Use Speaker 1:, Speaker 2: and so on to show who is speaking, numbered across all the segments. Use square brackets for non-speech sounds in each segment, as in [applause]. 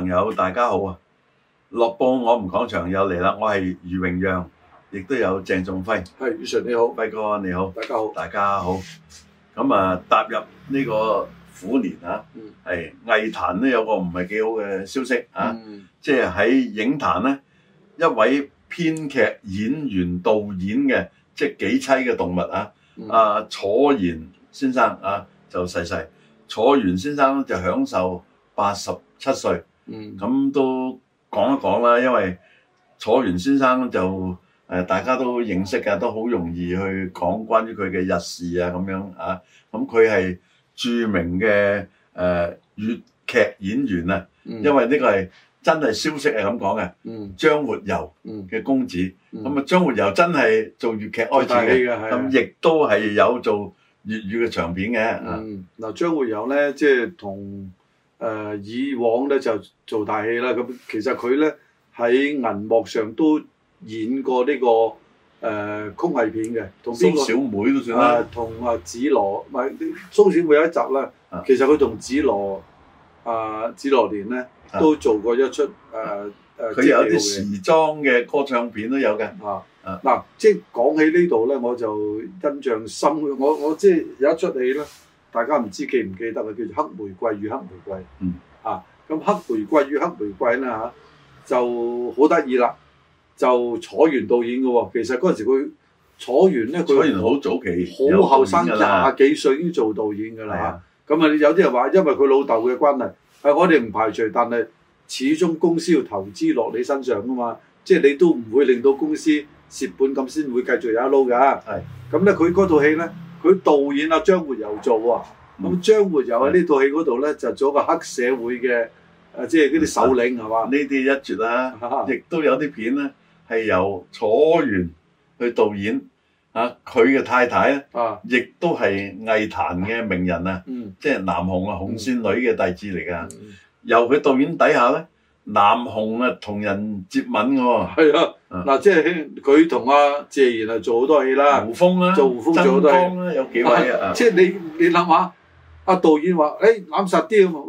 Speaker 1: 朋友，大家好啊！樂報我哋講場又嚟啦，我係余榮陽，亦都有鄭仲輝。係余 Sir 你好，輝哥你好，大家好，大家好。咁啊，踏入呢個虎年、嗯、藝壇個啊，係藝壇咧有個唔係幾好嘅消息啊，即係喺影壇咧，一位編劇、演員、導演嘅即係幾棲嘅動物啊，嗯、啊楚原先生啊就逝世。楚原先生就享受八十七歲。咁、嗯、都講一講啦，因為楚原先生就誒大家都認識嘅，都好容易去講關於佢嘅日事啊咁樣啊。咁佢係著名嘅誒、啊、粵劇演員啊，因為呢個係真係消息係咁講嘅。嗯、張活游嘅公子，咁啊、嗯嗯、張活游真係做粵劇愛自己嘅，咁亦都係有做粵語嘅長片嘅。嗱、嗯、張活游咧，即係同。誒、呃、以往咧就做大戲啦，咁其實佢咧喺銀幕上都演過呢、這個誒曲藝片嘅，同小妹都算啦，同啊、呃、紫羅唔係、呃，蘇小妹有一集啦，啊、其實佢同紫羅啊、呃、紫羅蓮咧、啊、都做過一出誒誒，佢、呃啊啊、有啲時裝嘅歌唱片都有嘅。啊嗱，啊啊即係講起呢度咧，我就印象深，我我，我，我，我即係有一出戲啦。大家唔知記唔記得啦，叫做《黑玫瑰與黑玫瑰》。嗯。啊，咁《黑玫瑰與黑玫瑰》啦嚇，就好得意啦，就楚原導演嘅喎。其實嗰陣時佢楚原咧，佢楚原好早期好後生廿幾歲已經做導演嘅啦嚇。咁啊，有啲人話因為佢老豆嘅關係，啊，我哋唔排除，但係始終公司要投資落你身上㗎嘛，即係你都唔會令到公司蝕本咁先會繼續有得撈㗎。係。咁咧，佢嗰套戲咧。佢導演阿張活游做啊，咁、嗯、張活游喺呢套戲嗰度咧就做個黑社會嘅，誒即係嗰啲首領係嘛？呢啲、嗯、吧一絕啦、啊，亦、啊、都有啲片咧係由楚原去導演嚇，佢、啊、嘅太太啊，亦都係藝壇嘅名人啊，啊嗯、即係南紅啊，紅線女嘅弟子嚟噶，嗯嗯、由佢導演底下咧。南紅啊，同人接吻喎，哦。係啊，嗱，即係佢同阿謝賢係做好多戲啦，胡楓啦，做胡楓、啊、做都係啦，有幾位啊？即係、啊就是、你你諗下，阿、啊、導演話誒，攬實啲咁啊，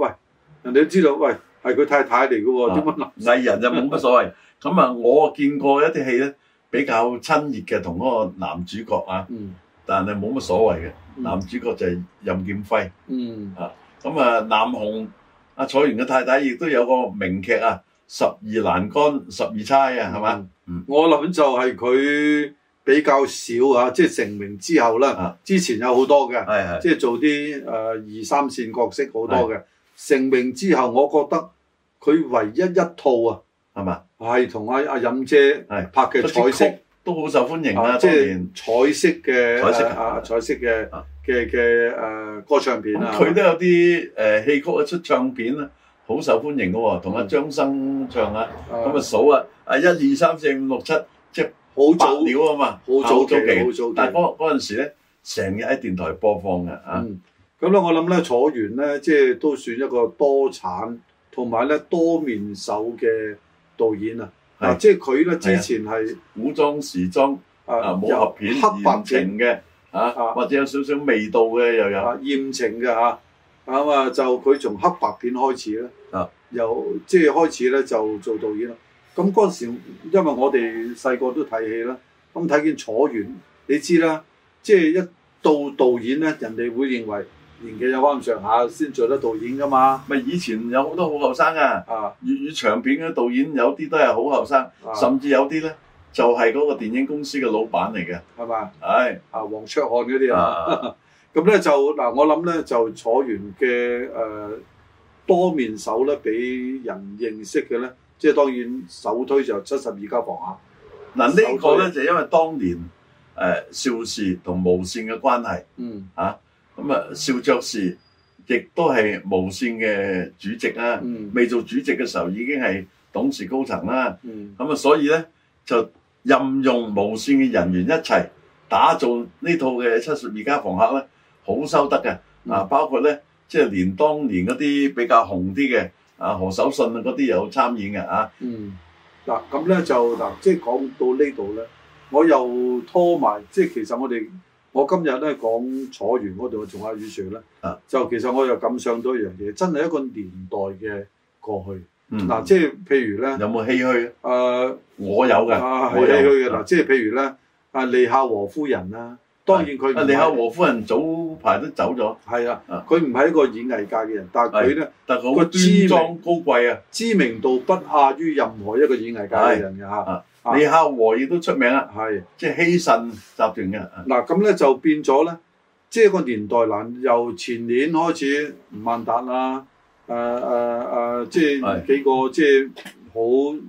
Speaker 1: 喂，人哋都知道，喂係佢太太嚟嘅喎，點解攬？藝人就冇乜所謂。咁啊，我見過一啲戲咧，比較親熱嘅同嗰個男主角啊，嗯、但係冇乜所謂嘅。男主角就係任劍輝。嗯。啊，咁啊，南、啊、紅。啊阿楚原嘅太太亦都有個名劇啊，《十二欄杆》《十二釵》啊，係嘛？我諗就係佢比較少啊，即係成名之後啦。之前有好多嘅，即係做啲誒二三線角色好多嘅。成名之後，我覺得佢唯一一套啊，係嘛？係同阿阿任姐拍嘅《彩色》，都好受歡迎啊。即係彩色嘅，阿阿彩色嘅。嘅嘅誒歌唱片啊，佢都有啲誒戲曲一出唱片啊，好受歡迎嘅喎，同阿張生唱啊，咁啊數啊，啊一二三四五六七，即係好早料啊嘛，好早早期，但係嗰嗰陣時咧，成日喺電台播放嘅啊。咁咧我諗咧楚原咧，即係都算一個多產同埋咧多面手嘅導演啊。嗱，即係佢咧之前係古裝時裝啊武俠片、黑白情嘅。啊，或者有少少味道嘅又有，艷情嘅啊，咁啊就佢從黑白片開始咯，由即係開始咧就做導演咯。咁嗰時，因為我哋細個都睇戲啦，咁睇見楚原，你知啦，即、就、係、是、一到導演咧，人哋會認為年紀有返咁上下先做得導演噶嘛。咪、啊、以前有好多好後生嘅，粵語、啊、長片嘅導演有啲都係好後生，啊、甚至有啲咧。就係嗰個電影公司嘅老闆嚟嘅，係嘛嗎？係是啊，黃卓漢嗰啲啊，咁咧、 [laughs] 嗯、就嗱，我諗咧就坐完嘅誒、呃、多面手咧，俾人認識嘅咧，即、就、係、是、當然首推就七十二家房客。嗱呢個咧就因為當年誒邵氏同無線嘅關係，嗯啊咁啊，邵卓氏亦都係無線嘅主席啊，未、嗯嗯、做主席嘅時候已經係董事高層啦，咁啊所以咧就。任用無線嘅人員一齊打造呢套嘅七十二家房客咧，好收得嘅啊！包括咧即係連當年嗰啲比較紅啲嘅啊，何守信啊嗰啲有參演嘅啊。嗯，嗱咁咧就嗱，啊，即係講到呢度咧，我又拖埋即係其實我哋我今日咧講坐完度，我仲阿雨 Sir 咧，啊，就其實我又感想咗一樣嘢，真係一個年代嘅過去。嗱，即係譬如咧，有冇唏噓？誒，我有嘅，我唏噓嘅。嗱，即係譬如咧，阿利孝和夫人啦，當然佢。阿利孝和夫人早排都走咗。係啊，佢唔係一個演藝界嘅人，但係佢咧，但係個端莊高貴啊，知名度不下於任何一個演藝界嘅人嘅嚇。利孝和亦都出名啊，係即係希慎集團嘅。嗱，咁咧就變咗咧，即係個年代難。由前年開始，唔萬達啦。誒誒誒，uh, uh, uh, 即係幾個是即係好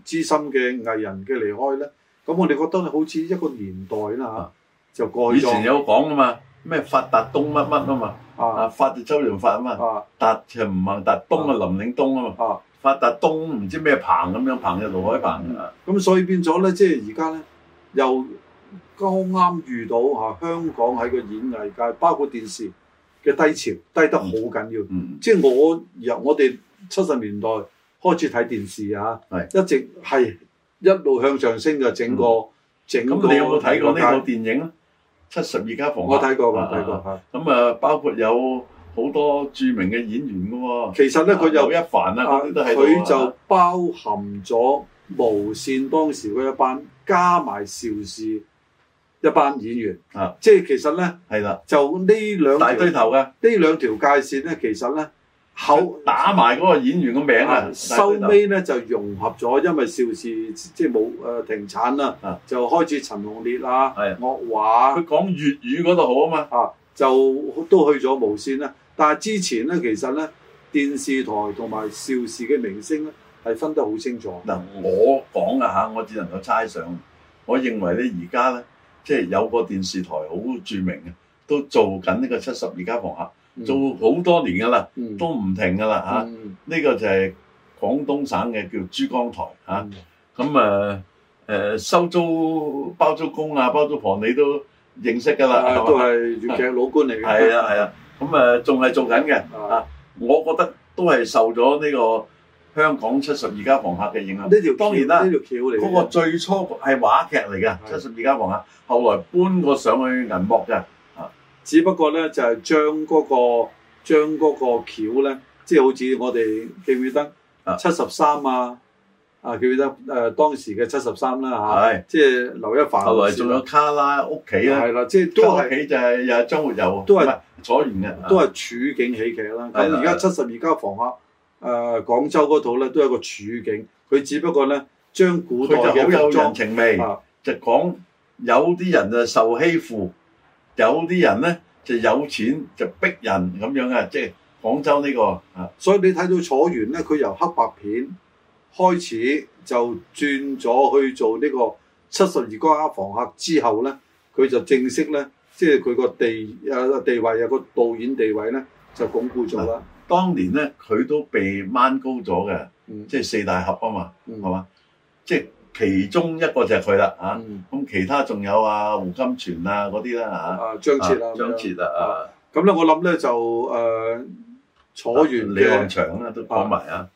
Speaker 1: 資深嘅藝人嘅離開咧，咁我哋覺得好似一個年代啦嚇，啊、就過去以前有講啊嘛，咩發達東乜乜啊嘛，啊,啊發就周潤發啊嘛，啊達就吳孟達東啊林嶺東啊嘛，啊發達東唔知咩彭咁樣彭就盧海鵬啊，咁、嗯、所以變咗咧，即係而家咧又剛啱遇到嚇香港喺個演藝界，包括電視。嘅低潮低得好緊要，嗯、即係我由我哋七十年代開始睇電視啊，是一直係一路向上升就整個、嗯、整個咁你有冇睇過呢套電影咧？家七十二家房客我睇過，睇過。咁啊，啊啊包括有好多著名嘅演員嘅喎。其實咧，佢有一就啊，佢就包含咗無線當時嗰一班，加埋邵氏。一班演員啊，即係其實咧係啦，的就呢兩大對頭嘅呢兩條界線咧，其實咧口打埋嗰個演員嘅名啊，收尾咧就融合咗，因為邵氏即係冇誒停產啦，啊、就開始陳鴻烈啊、岳華的，佢、啊、講粵語嗰度好啊嘛啊，就都去咗無線啦。但係之前咧，其實咧電視台同埋邵氏嘅明星咧係分得好清楚。嗱、嗯，我講嘅嚇，我只能夠猜想，想，想，我認為咧而家咧。即係有個電視台好著名嘅，都做緊呢個七十二家房客，嗯、做好多年㗎啦，嗯、都唔停㗎啦嚇。呢、嗯啊呢個就係廣東省嘅叫珠江台嚇。咁誒誒收租包租公啊包租婆你都認識㗎啦，啊，都係粵劇老倌嚟嘅。係啊係啊，咁誒仲係做緊嘅嚇。啊、我覺得都係受咗呢、呢個香港七十二家房客嘅影響，呢條橋，當然啦，呢條橋嚟嘅，嗰個最初係話劇嚟嘅，七十二家房客，後來搬過上去銀幕嘅，只不過咧就係將嗰個將嗰個橋咧，即係好似我哋記唔記得七十三啊啊，記唔記得誒當時嘅七十三啦嚇，即係劉一凡，後來仲有卡拉屋企咧，係啦，即係都係喜就係又係沒有，都係楚原嘅，都係處境喜劇啦。咁而家七十二家房客。誒、呃、廣州嗰套咧都有一個處境，佢只不過咧將古代就代嘅人情味。啊、就講有啲人就受欺負，有啲人咧就有錢就逼人咁樣，這個、啊！即係廣州呢個啊，所以你睇到楚原咧，佢由黑白片開始就轉咗去做呢個七十二家房客之後咧，佢就正式咧，即係佢個地啊地位有個導演地位咧就鞏固咗啦。當年咧，佢都被掹高咗嘅，即係四大俠啊嘛，係、嗯、嘛？即係其中一個就係佢啦，啊，咁、嗯、其他仲有啊胡金銓啊嗰啲啦嚇，張徹啊，啊，張徹啊，咁咧我諗咧就誒楚原李翰祥咧都講埋啊，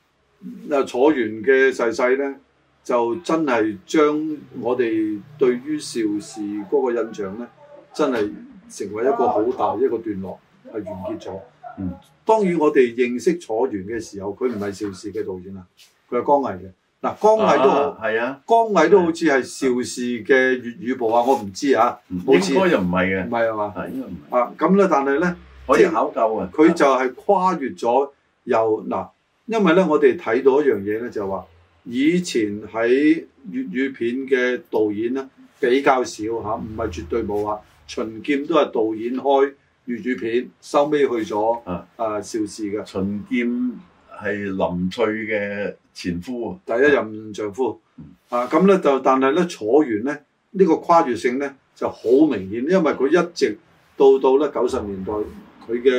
Speaker 1: 啊楚原嘅細細咧就真係將我哋對於邵氏嗰個印象咧，真係成為一個好大一個段落係、啊、完結咗。嗯，當然我哋認識楚原嘅時候，佢唔係邵氏嘅導演啦，佢係江毅嘅。嗱，江毅都好，係啊，江毅都、啊啊、都好似係邵氏嘅粵語部啊，我唔知啊。好似應該又唔係嘅，唔係呀嘛？係應該唔係啊？咁咧，但係咧，可以考究啊。佢就係跨越咗又，嗱、啊，因為咧、啊、我哋睇到一樣嘢咧，就係話以前喺粵語片嘅導演咧比較少嚇，唔、啊、係絕對冇啊。秦劍都係導演開。粵語片收尾去咗啊！邵氏嘅秦劍係林翠嘅前夫、啊、第一任丈夫、嗯、啊，咁咧就但係咧楚原咧呢、這個跨越性咧就好明顯，因為佢一直到到咧九十年代佢嘅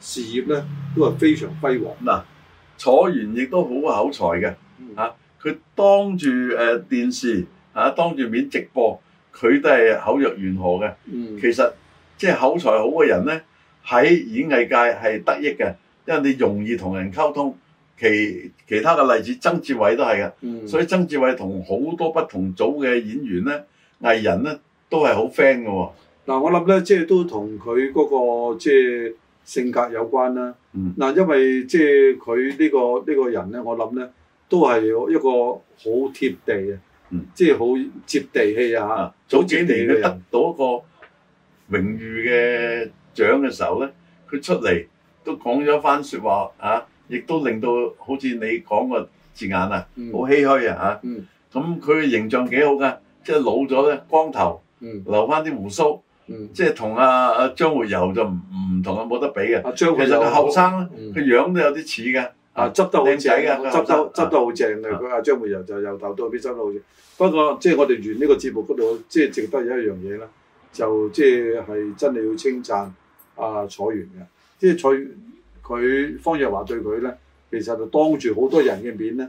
Speaker 1: 事業咧都係非常輝煌嗱。楚原亦都好口才嘅啊，佢當住誒、呃、電視啊當住面直播，佢都係口若懸河嘅，其實。嗯即係口才好嘅人咧，喺演藝界係得益嘅，因為你容易同人溝通。其其他嘅例子，曾志偉都係嘅，嗯、所以曾志偉同好多不同組嘅演員咧、藝人咧，都係好 friend 嘅喎。嗱、嗯，我諗咧，即係都同佢嗰個即係性格有關啦。嗱、嗯，因為即係佢呢個呢、呢個人咧，我諗咧都係一個好貼地嘅，即係好接地氣、嗯、接地啊！哈，早幾年嘅得到一個榮譽嘅獎嘅時候咧，佢出嚟都講咗一番説話啊，亦都令到好似你講個字眼啊，好唏噓啊嚇。咁佢形象幾好噶，即係老咗咧，光頭留翻啲鬍鬚，即係同阿阿張活游就唔唔同啊，冇得比嘅。其實後生，佢樣都有啲似嘅，啊，執得好靚仔嘅，執得執得好正嘅。佢阿張活游就由頭到尾執得好正。不過即係我哋完呢個節目嗰度，即係值得一樣嘢啦。就即係真係要稱讚啊！楚原嘅，即係楚原佢方若華對佢咧，其實就當住好多人嘅面咧，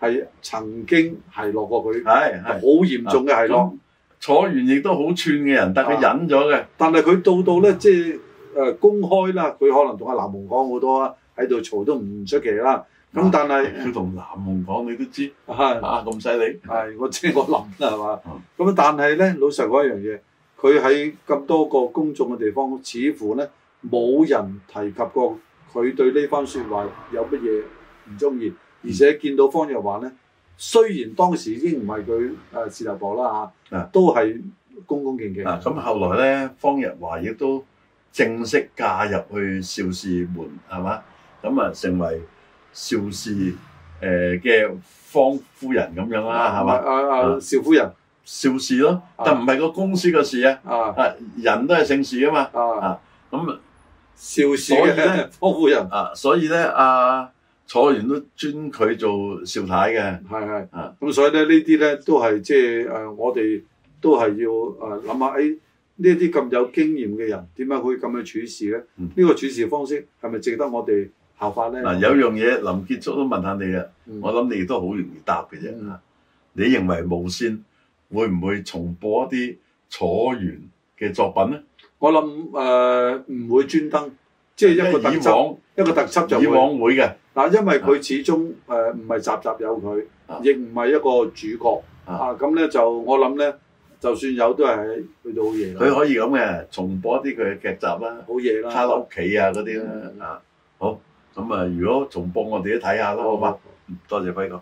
Speaker 1: 係曾經係落過佢，係好嚴重嘅，係咯。楚原亦都好串嘅人，但佢忍咗嘅。但係佢到到咧，即係誒公開啦，佢可能同阿南紅講好多啊，喺度嘈都唔出奇啦。咁但係佢同南紅講，你都知嚇咁犀利。係我即係我諗啦，係嘛？咁但係咧，老實講一樣嘢。佢喺咁多個公眾嘅地方，似乎咧冇人提及過佢對呢番説話有乜嘢唔中意，而且見到方日華咧，雖然當時已經唔係佢誒事頭婆啦嚇，都係恭恭敬敬。咁後來咧，方日華亦都正式嫁入去邵氏門，係嘛？咁啊，成為邵氏誒嘅方夫人咁樣啦，係嘛？啊啊，邵夫人。邵氏咯，但唔係個公司嘅事啊，事啊勞，啊，人都係姓氏啊嘛，啊，咁邵氏嘅多人啊，climate, 啊，所以咧，阿楚原都尊佢做邵太嘅，係係，啊，咁所以咧呢啲咧都係即係誒，我哋都係要誒諗下，誒呢啲咁有經驗嘅人點解可以咁去處事咧？呢個處事方式係咪值得我哋效法咧？嗱，有樣嘢臨結束都問下你啦，我諗你都好容易答嘅啫，你認為無線？會唔會重播一啲楚原嘅作品咧？我諗誒唔會專登，即係一,一個特輯。一個特輯就以往會嘅，嗱，因為佢始終誒唔係集集有佢，亦唔係一個主角啊，咁咧、啊、就我諗咧，就算有都係去到好夜。佢可以咁嘅，重播一啲佢嘅劇集啦，好啦，睇落屋企啊嗰啲啦啊，好咁啊！如果重播我，我哋都睇下咯，好嘛？好嗎多謝輝哥。